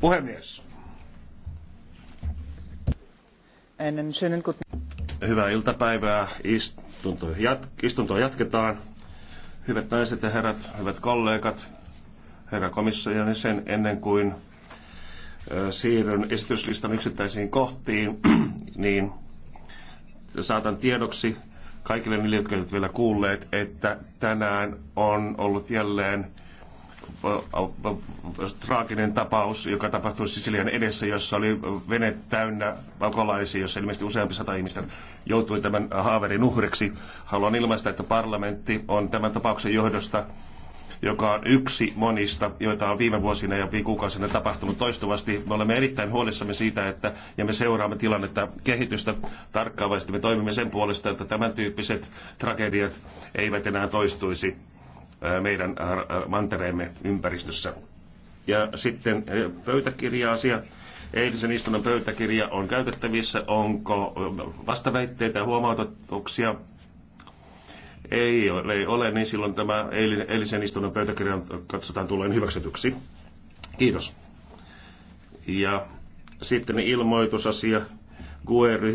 Puhemies. Hyvää iltapäivää. Istunto, istuntoa jatketaan. Hyvät naiset ja herrat, hyvät kollegat, herra komissaari, sen ennen kuin siirryn esityslistan yksittäisiin kohtiin, niin saatan tiedoksi kaikille niille, jotka eivät vielä kuulleet, että tänään on ollut jälleen traaginen tapaus, joka tapahtui Sisilian edessä, jossa oli vene täynnä pakolaisia, jossa ilmeisesti useampi sata ihmistä joutui tämän haaverin uhreksi. Haluan ilmaista, että parlamentti on tämän tapauksen johdosta joka on yksi monista, joita on viime vuosina ja kuukausina tapahtunut toistuvasti. Me olemme erittäin huolissamme siitä, että ja me seuraamme tilannetta kehitystä tarkkaavasti. Me toimimme sen puolesta, että tämän tyyppiset tragediat eivät enää toistuisi meidän mantereemme ympäristössä. Ja sitten pöytäkirja-asia. Eilisen istunnon pöytäkirja on käytettävissä. Onko vastaväitteitä ja huomautuksia? Ei ole, ei ole, niin silloin tämä eilisen istunnon pöytäkirjan katsotaan tulleen hyväksytyksi. Kiitos. Ja sitten ilmoitusasia. GUE-ryhmä